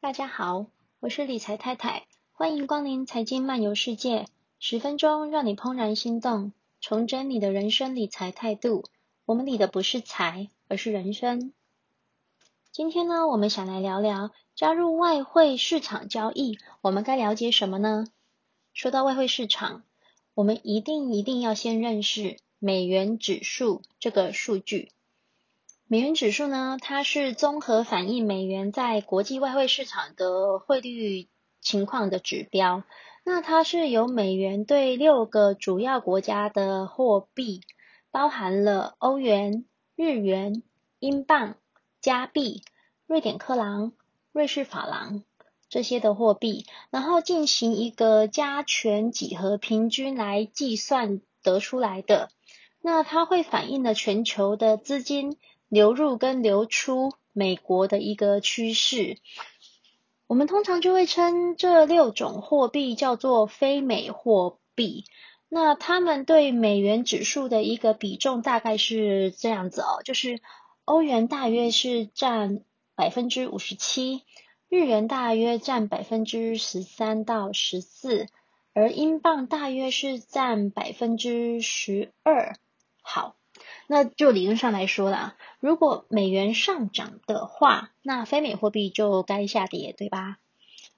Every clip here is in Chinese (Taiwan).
大家好，我是理財太太，歡迎光臨財經漫遊世界，十分鐘讓你怦然心動，重整你的人生理財態度。我們理的不是財，而是人生。今天呢，我們想來聊聊加入外匯市場交易，我們該了解什麼呢？說到外匯市場，我們一定一定要先認識美元指數這個數據。美元指數呢，它是綜合反映美元在國際外匯市場的匯率情況的指標。那它是由美元對六個主要國家的貨幣，包含了歐元、日元、英鎊、加幣、瑞典克朗、瑞士法郎這些的貨幣，然後進行一個加權幾何平均來計算得出來的。那它會反映了全球的資金。流入跟流出美國的一個趨勢，我們通常就會稱這六種貨幣叫做非美貨幣。那他們對美元指數的一個比重大概是這樣子哦，就是歐元大約是佔百分之五十七，日元大約佔百分之十三到十四，而英鎊大約是佔百分之十二。好。那就理論上來說啦，如果美元上漲的話，那非美貨幣就該下跌，對吧？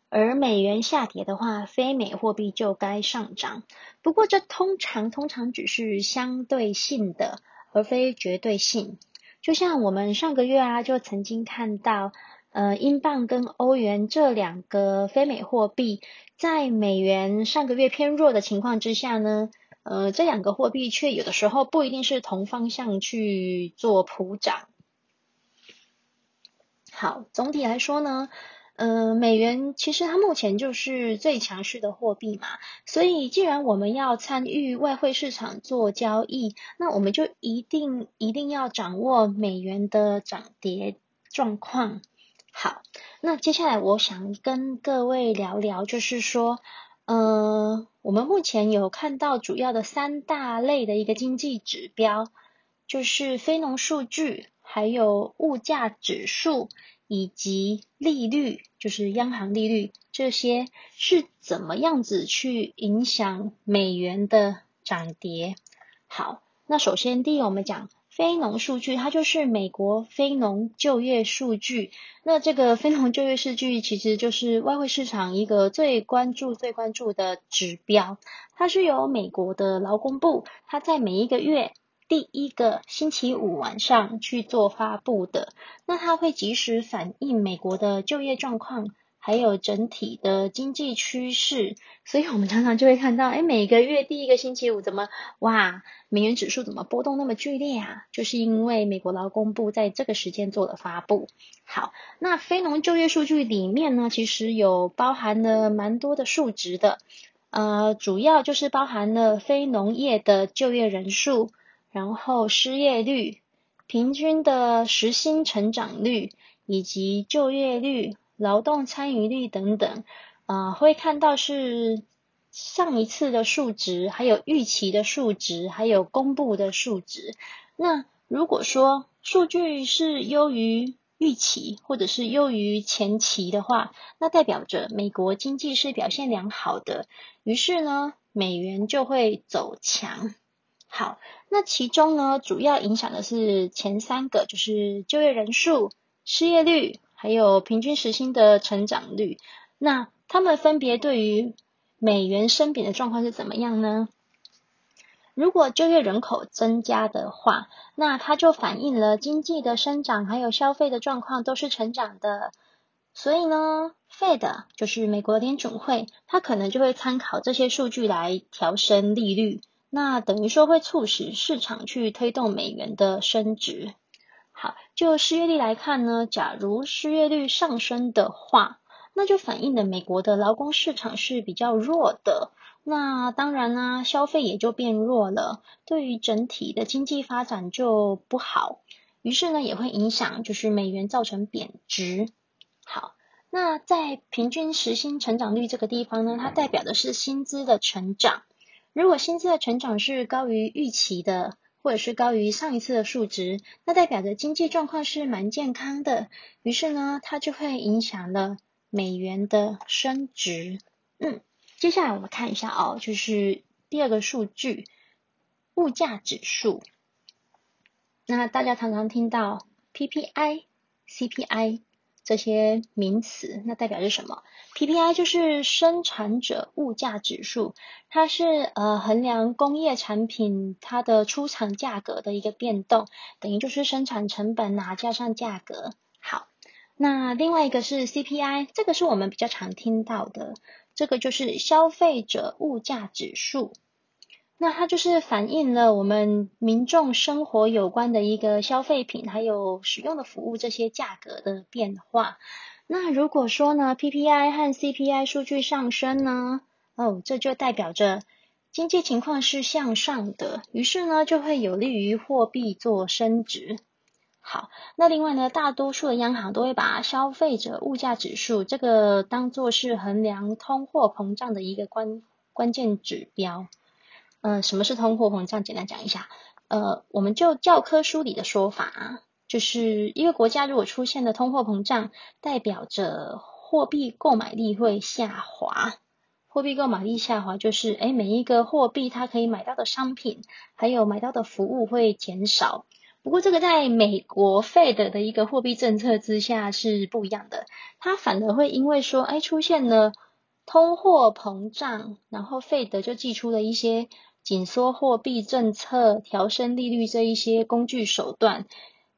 而美元下跌的話，非美貨幣就該上漲。不過這通常通常只是相對性的，而非絕對性。就像我們上個月啊，就曾經看到，呃，英鎊跟歐元這兩個非美貨幣，在美元上個月偏弱的情況之下呢。呃，這兩個貨幣卻有的時候不一定是同方向去做普漲。好，總體來說呢，呃，美元其實它目前就是最強勢的貨幣嘛，所以既然我們要參與外匯市場做交易，那我們就一定一定要掌握美元的漲跌狀況。好，那接下來我想跟各位聊聊，就是說，呃我們目前有看到主要的三大類的一個經濟指標，就是非農數據、還有物價指數以及利率，就是央行利率這些是怎麼樣子去影響美元的漲跌？好，那首先第一個我們講。非農數據，它就是美國非農就業數據。那這個非農就業數據，其實就是外匯市場一個最關注、最關注的指標。它是由美國的勞工部，它在每一個月第一個星期五晚上去做發布的。那它會及時反映美國的就業狀況。還有整體的經濟趨勢，所以我們常常就會看到，誒，每個月第一個星期五怎麼哇，美元指數怎麼波動那麼劇烈啊？就是因為美國勞工部在這個時間做了發布。好，那非農就業數據裡面呢，其實有包含了蠻多的數值的，呃，主要就是包含了非農業的就業人數，然後失業率、平均的時薪成長率以及就業率。勞動參與率等等，啊、呃，會看到是上一次的數值，還有預期的數值，還有公布的數值。那如果說數據是優於預期，或者是優於前期的話，那代表着美國經濟是表現良好的，於是呢，美元就會走強。好，那其中呢，主要影響的是前三個，就是就業人數、失業率。還有平均時薪的成長率，那他們分別對於美元升貶的狀況是怎麼樣呢？如果就業人口增加的話，那它就反映了經濟的生長，還有消費的狀況都是成長的，所以呢，Fed 就是美國聯準會，它可能就會參考這些數據來調升利率，那等於說會促使市場去推動美元的升值。就失業率來看呢，假如失業率上升的話，那就反映了美國的勞工市場是比較弱的。那當然呢，消費也就變弱了，對於整體的經濟發展就不好。於是呢，也會影響就是美元造成貶值。好，那在平均時薪成長率這個地方呢，它代表的是薪資的成長。如果薪資的成長是高於預期的，或者是高於上一次的數值，那代表着經濟狀況是蠻健康的。於是呢，它就會影響了美元的升值。嗯，接下來我們看一下哦，就是第二個數據——物價指數。那大家常常聽到 PPI、CPI。這些名詞，那代表是什麼？PPI 就是生產者物價指數，它是呃衡量工業產品它的出廠價格的一個變動，等於就是生產成本吶，啊，加上價格。好，那另外一個是 CPI，這個是我們比較常聽到的，這個就是消費者物價指數。那它就是反映了我們民眾生活有關的一個消費品，還有使用的服務這些價格的變化。那如果說呢，PPI 和 CPI 數據上升呢，哦，這就代表着經濟情況是向上的，於是呢，就會有利於貨幣做升值。好，那另外呢，大多數的央行都會把消費者物價指數這個當作是衡量通貨膨脹的一個關，關鍵指標。呃，什麼是通貨膨脹？簡單講一下。呃，我們就教科書裡的說法，就是一個國家如果出現了通貨膨脹，代表着貨幣購買力會下滑。貨幣購買力下滑，就是誒每一個貨幣它可以買到的商品，還有買到的服務會減少。不過這個在美國費德的一個貨幣政策之下是不一樣的，它反而會因為說誒出現了通貨膨脹，然後費德就祭出了一些。緊縮貨幣政策、調升利率這一些工具手段，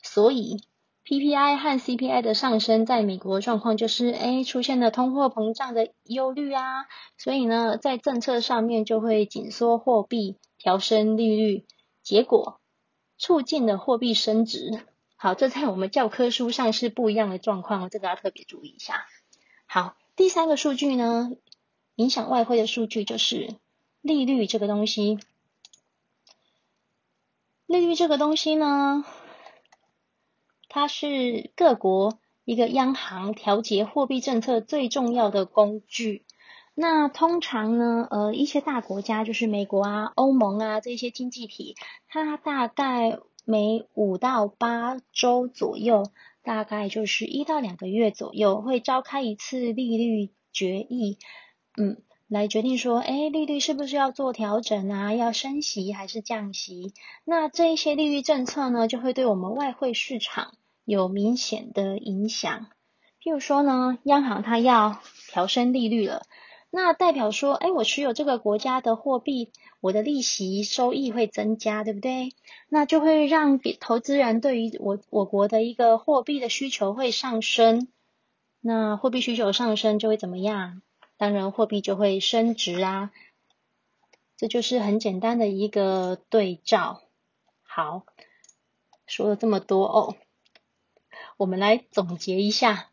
所以 PPI 和 CPI 的上升，在美國狀況就是，哎、欸，出現了通貨膨脹的憂慮啊，所以呢，在政策上面就會緊縮貨幣、調升利率，結果促進了貨幣升值。好，這在我們教科書上是不一樣的狀況，這個要特別注意一下。好，第三個數據呢，影響外匯的數據就是。利率這個東西，利率這個東西呢，它是各國一個央行調節貨幣政策最重要的工具。那通常呢，呃，一些大國家，就是美國啊、歐盟啊，這些經濟體，它大概每五到八週左右，大概就是一到兩個月左右，會召開一次利率決議。嗯。來決定說，哎，利率是不是要做調整啊？要升息還是降息？那這一些利率政策呢，就會對我們外匯市場有明顯的影響。譬如說呢，央行它要調升利率了，那代表說，哎，我持有這個國家的貨幣，我的利息收益會增加，對不對？那就會讓投資人對於我我國的一個貨幣的需求會上升。那貨幣需求上升就會怎麼樣？當然，貨幣就會升值啊！這就是很簡單的一個對照。好，說了這麼多哦，我們來總結一下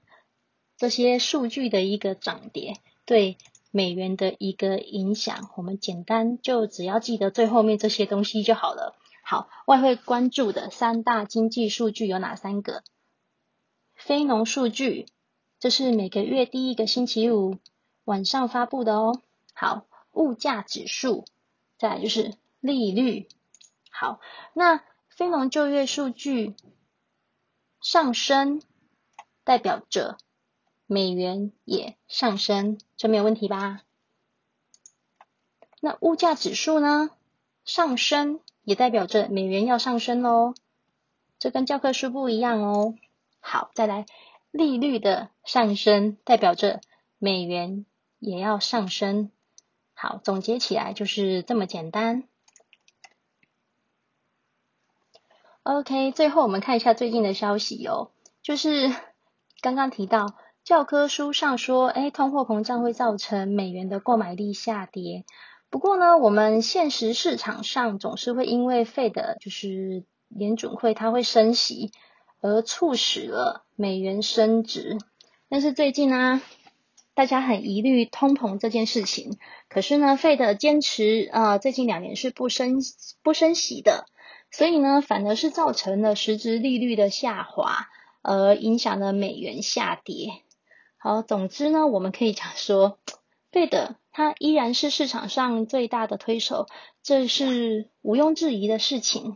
這些數據的一個漲跌對美元的一個影響。我們簡單就只要記得最後面這些東西就好了。好，外匯關注的三大經濟數據有哪三個？非農數據，這是每個月第一個星期五。晚上發布的哦，好，物價指數，再來就是利率，好，那非農就業數據上升，代表着美元也上升，這沒有問題吧？那物價指數呢？上升，也代表着美元要上升嘍，這跟教科書不一樣哦。好，再來，利率的上升代表着美元。也要上升。好，總結起來就是這麼簡單。OK，最後我們看一下最近的消息喲、喔，就是剛剛提到教科書上說，哎、欸，通貨膨脹會造成美元的購買力下跌。不過呢，我們現實市場上總是會因為 Fed 就是聯準會它會升息，而促使了美元升值。但是最近呢、啊？大家很疑慮通膨這件事情，可是呢，Fed 堅持，呃，最近兩年是不升不升息的，所以呢，反而是造成了實質利率的下滑，而影響了美元下跌。好，總之呢，我們可以講說，Fed 它依然是市場上最大的推手，這是毋庸置疑的事情。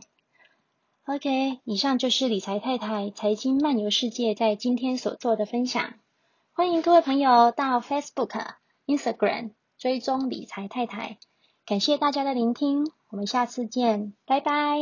OK，以上就是理財太太財經漫遊世界在今天所做的分享。歡迎各位朋友到 Facebook、Instagram 追蹤理財太太，感謝大家的聆聽，我們下次見，拜拜。